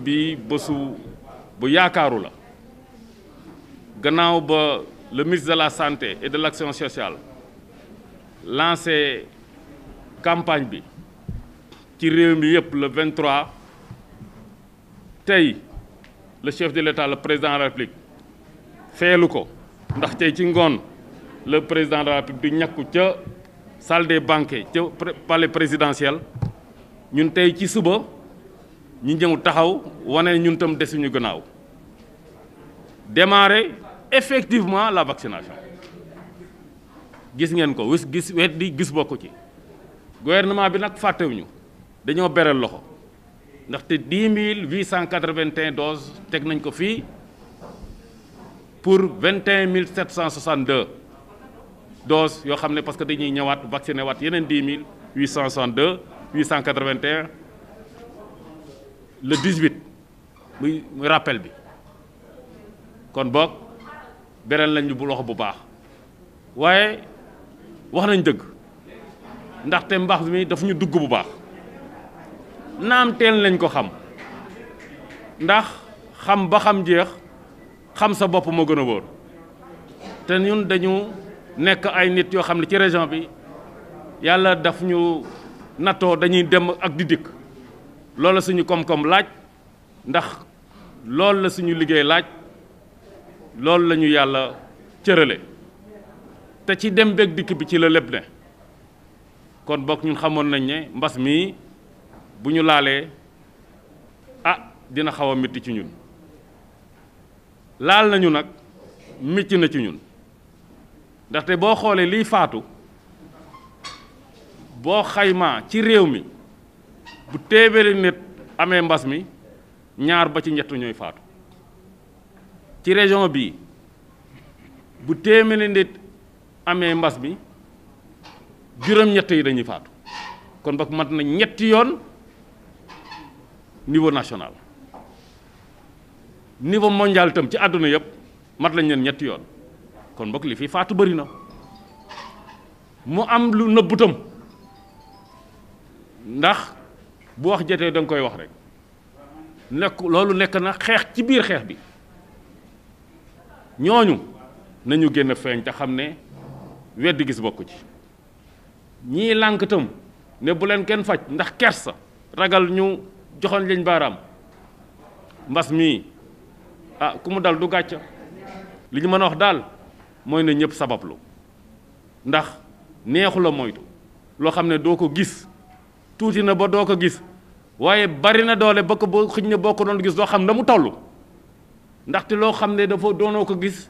bi bu le ministre de la santé et de l'action sociale lancé campagne bi ci réew mi le 23 le chef de l'État le président de la République le ko ndax ci le président de la République salle des banquets le palais présidentiel ñun tay ci suba. Nous avons taxaw wane ñun tam dessu ñu gënaaw démarrer effectivement la vaccination gis ngeen ko que gis weddi gis bokku ci gouvernement bi nak faté wuñu dañoo avons loxo ndax té doses tek nañ ko fi pour 21762 doses yo xamné parce que dañuy ñëwaat vacciner wat yenen 10862 881 le 18 muy mu rappel bi kon boog beral lañ bu loxo bu baax waaye wax nañ dëgg ndaxte mbaax mi daf ñu dugg bu baax naam teel lañ ko xam ndax xam ba xam jeex xam sa bopp moo gën a wóor te ñun dañu nekk ay nit yoo xam ne ci région bi yàlla daf ñu nattoo dañuy dem ak di dikk lool la suñu koom-koom laaj ndax loolu la suñu liggéey laaj loolu lañu yàlla cërale te ci dem beeg dikk bi ci la lépp ne kon bokk ñun xamoon nañ ne mbas mii bu ñu laalee ah, a dina xawa a métti ci ñun laal nañu nag métti na ci ñun ndaxte boo xoolee liy faatu boo xaymaa ci réew mi bu téeméeri nit amee mbas mi ñaar ba ci ñett ñooy faatu ci région bii bu téeméeri nit amee mbas mi juróom-ñett yi dañuy faatu kon ba mat na ñetti yoon niveau national niveau mondial itam ci àdduna yëpp mat lañ leen ñetti yoon kon bokk li fi faatu bëri mu am lu nëbbutam ndax bu wax jotee danga koy wax rek nekk loolu nekk na xeex ci biir xeex bi ñooñu nañu génn feeñ te xam ne weddi gis bokku ci ñii lànk itam ne bu leen kenn faj ndax sa ragal ñu joxoon liñ baaraam mbas mii ah ku mu dal du gàcca li ñu mën a wax daal mooy na ñëpp sabablu ndax neexu la moytu loo xam ne doo ko gis tuuti na ba doo ko gis waaye bari na doole ba ko boo xëj na boo ko doon gis doo xam na mu toll ndaxte loo xam ne dafa doonoo ko gis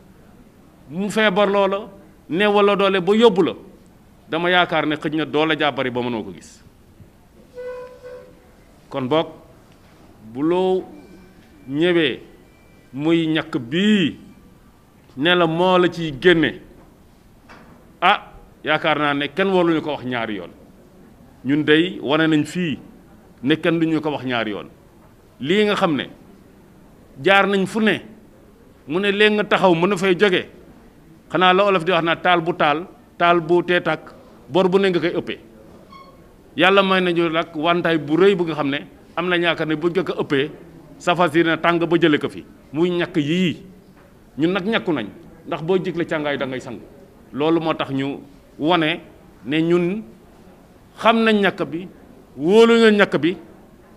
mu feebar loola neewal la doole ba yóbbu la dama yaakaar ne xëñ na doole jaa bari ba mënoo ko gis kon boog bu loo ñëwee muy ñakk bii ne la moo la ciy génne a ah yaakaar naa ne kenn waruñu ko wax ñaari yoon ñun day wane nañ fii ne kenn ñu ko wax ñaari yoon lii nga xam ne jaar nañ fu ne mu ne léegi nga taxaw mën a fay jóge xanaa la olof di wax naa taal bu taal taal bu tee tàkk bor bu ne nga koy ëppee yàlla may nañu nag wantaay bu rëy bu nga xam ne am na ñaakaar ne buñ ko ko ëppee safar si na tàng ba jëlee ko fi muy ñàkk yii ñun nag ñàkku nañ ndax boo jigle càngaay dangay ngay loolu moo tax ñu wane ne ñun xam nañ ñàkk bi wóolu nañ ñàkk bi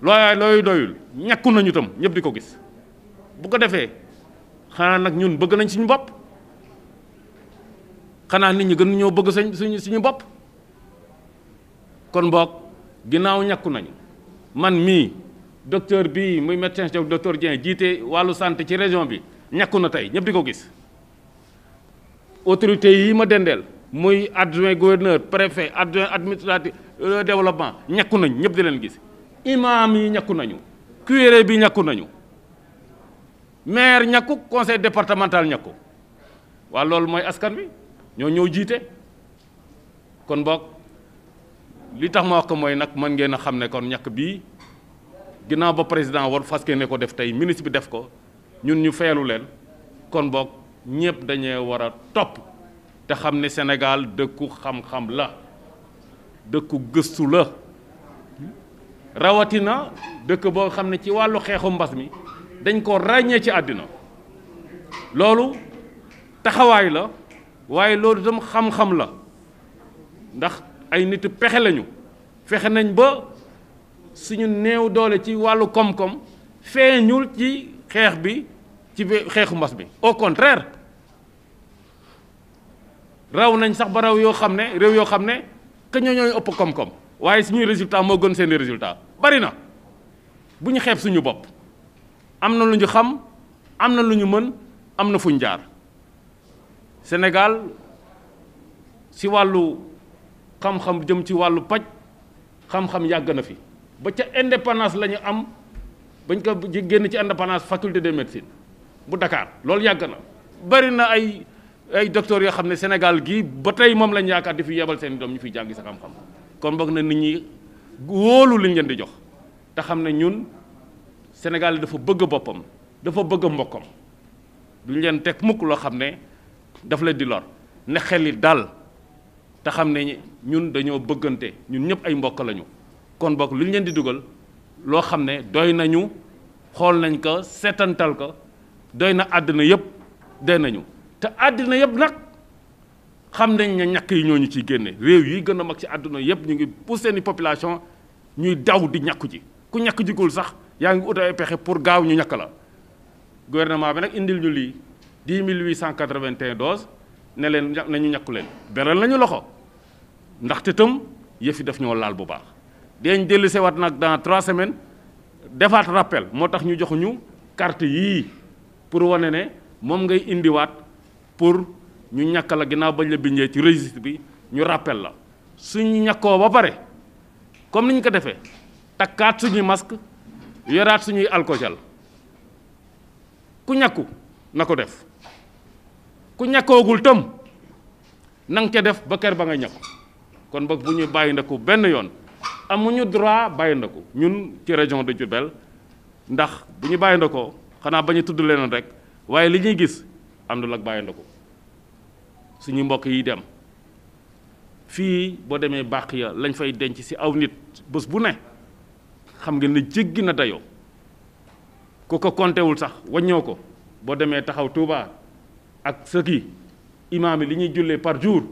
looyaay looy doyul ñàkku nañu tam ñëpp di ko gis bu ko defee xanaa nag ñun bëgg nañ suñu bopp xanaa nit ñi gën ñoo bëgg sañ suñu suñu bopp kon mboog ginnaaw ñàkku nañu man mii docteur bii muy médecin chef docteur Dieng jiite wàllu santé ci région bi ñàkku na tey ñëpp di ko gis autorité yi ma dendeel muy adjoint gouverneur préfet adjoint administratif Euh, développement ñàkku nañ ñëpp di leen gis imam yi ñàkku nañu curé bi ñàkku nañu maire ñàkku conseil départemental ñàkku waa loolu mooy askan wi ñoo ñëw jiite kon boog li tax ma wax ko mooy nag mën ngeen a xam ne kon ñàkk bii ginnaaw ba président war faske ne ko def tey ministre bi def ko ñun ñu feelu leen kon boog ñëpp dañee war a topp te xam ne Sénégal dëkku xam-xam la dëkku gëstu la rawatina dëkk boo xam ne ci wàllu xeexu mbas mi dañ ko ràññee ci àddina loolu taxawaay la waaye loolu itam xam-xam la ndax ay nit pexe lañu fexe nañ ba suñu néew doole ci wàllu koom-koom feeñul ci xeex bi ci xeexu mbas bi au contraire raw nañ sax ba raw yoo xam ne réew yoo xam ne que ñoo ñooy ëpp koom-koom waaye suñuy résultat moo gën seen résultat bari na bu ñu xeeb suñu bopp am na lu ñu xam am na lu ñu mën am na fuñ jaar Sénégal si wàllu xam-xam jëm ci wàllu paj xam-xam yàgg na fi ba ca indépendance la ñu am bañ ko génn ci indépendance faculté de médecine bu dakaar loolu yàgg na bari ay ay docteurs yoo xam ne Sénégal gii ba tey moom lañ yaakaar di fi yebal seen doom ñu fiy jàngi sa xam-xam kon boog na nit ñi wóolu liñ leen di jox te xam ne ñun Sénégal dafa bëgg boppam dafa bëgg mbokkam duñ leen teg mukk loo xam ne daf leen di lor ne xel yi daal te xam ne ñun dañoo bëggante ñun ñëpp ay mbokk lañu kon boog liñ leen di dugal loo xam ne doy nañu xool nañ ko seetantal ko doy na àddina yëpp doy nañu. te àddina yëpp nag xam nañ ne ñàkk yi ñooñu ciy génne réew yi gën a mag ci àdduna yëpp ñu ngi pousse seeni population ñuy daw di ñàkku ji ku ñàkk jigul sax yaa ngi ut ay pexe pour gaaw ñu ñàkk la gouvernement bi nag indil ñu lii 10 881 doses ne leen nañu ñàkku leen beral nañu loxo ndaxte tam yëfi daf ñoo laal bu baax deeñ dellu sewaat nag dans trois semaines defaat rappel moo tax ñu joxuñu carte yii pour wane ne moom ngay indiwaat pour ñu ñàkk la ginnaaw bañ la bindee ci registre bi ñu rappel la suñu ñàkkoo ba pare comme niñ ko defee takkaat suñuy masque yoraat suñuy alcool ku ñàkku na ko def ku ñàkkoogul tam na nga ca def ba ker ba nga kon ba bu ndaku benn yoon amuñu droit ndaku ñun ci région de Diourbel ndax bu ñu bàyyi ndakoo bañu tudd rek waaye li gis àndul ak bàyyandiku suñu mbokk yi dem fii boo demee bàq ya lañ fay denc ci aw nit bés bu ne xam nga ni jëggi na dayoo ku ko kontewul sax waññoo ko boo demee taxaw Touba ak sëki imaam yi li ñuy jullee par jour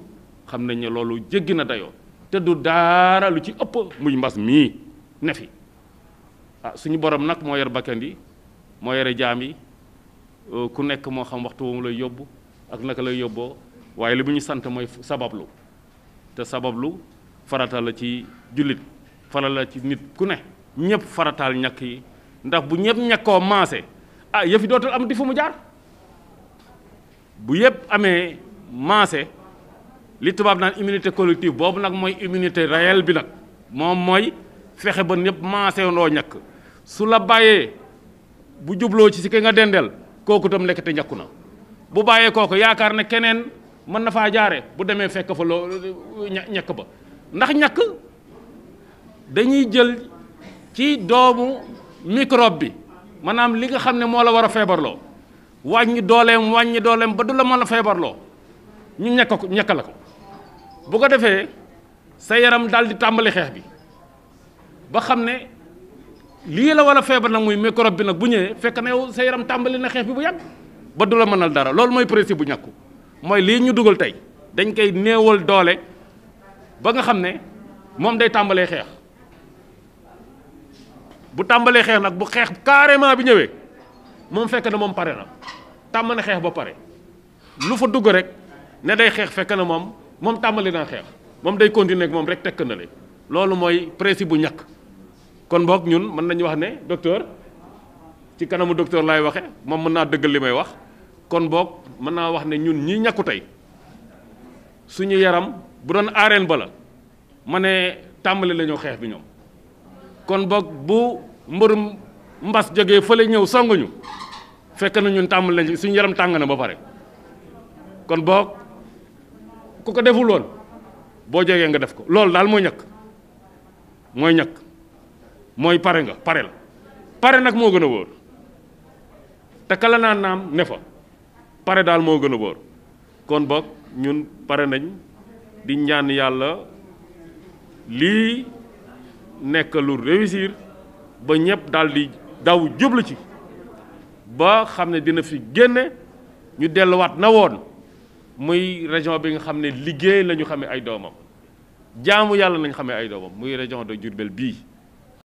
xam nañ ne loolu jëggi na dayoo te du daara lu ci ëpp muy mbas mii ne fi ah suñu borom nag moo yor bakkan yi moo yore jaam yi Euh, ku nekk moo xam waxtu woomu lay yóbbu ak naka lay yóbboo waaye li bu ñu sant mooy sabablu te sabablu faratal la ci jullit farata la ci nit ku ne ñëpp farataal ñakk yi ndax bu ñëpp ñàkkoo maase ah yëfi dootul am di fu mu jaar bu yëpp amee maase li tubaab naan immunité collective boobu nag mooy immunité réelle bi nag moom mooy fexe ba ñëpp maase ndoo ñakk su la bàyyee bu jubloo ci si ki nga dendeel kooku itam lekkate ñàkku na bu bàyyee kooku yaakaar na keneen mën na faa jaare bu demee fekk fa loo ñàkk ba ndax ñàkk dañuy jël ci doomu microbe bi maanaam li nga xam ne moo la war a feebarloo wàññi dooleem wàññi dooleem ba du la mën a feebarloo ñu ñekk ko ñàkk la ko bu ko defee sa yaram daal di tàmbali xeex bi ba xam ne lii la war a feebar nag muy microbe bi nag bu ñëwee fekk na yow sa yaram tàmbali na xeex bi bu yàgg ba du la mënal dara loolu mooy principe bu ñàkku mooy lii ñu dugal tey dañ koy néewal doole ba nga xam ne moom day tàmbalee xeex bu tàmbalee xeex nag bu xeex carrément bi ñëwee moom fekk na moom pare na tàmb na xeex ba pare lu fa dugg rek ne day xeex fekk na moom moom tàmbali naa xeex moom day continuer ak moom rek tekk na le loolu mooy principe bu ñàkk kon bok ñun mën nañ wax ne docteur ci kanamu docteur lay waxe mom mën na deugal limay wax kon bok mën na wax ne ñun ñi ñaku tay suñu yaram bu doon arène bala mané tambalé lañu xex bi ñom kon bok bu mbeurum mbass joge fele ñew songuñu fekk na ñun tambal lañ suñu yaram tangana ba paré kon bok ku ko deful won bo joge nga def ko lool dal moy ñak moy ñak mooy pare nga pare la pare nag moo gën a wóor te kala naa naam ne fa pare daal moo gën a wóor kon boog ñun pare nañ di ñaan yàlla lii nekk lu réussir ba ñëpp daal daw jublu ci ba xam ne dina fi génne ñu delluwaat na woon muy région bi nga xam ne liggéey la ñu xamee ay doomam jaamu yàlla nañ xamee ay doomam muy région de Diourbel bii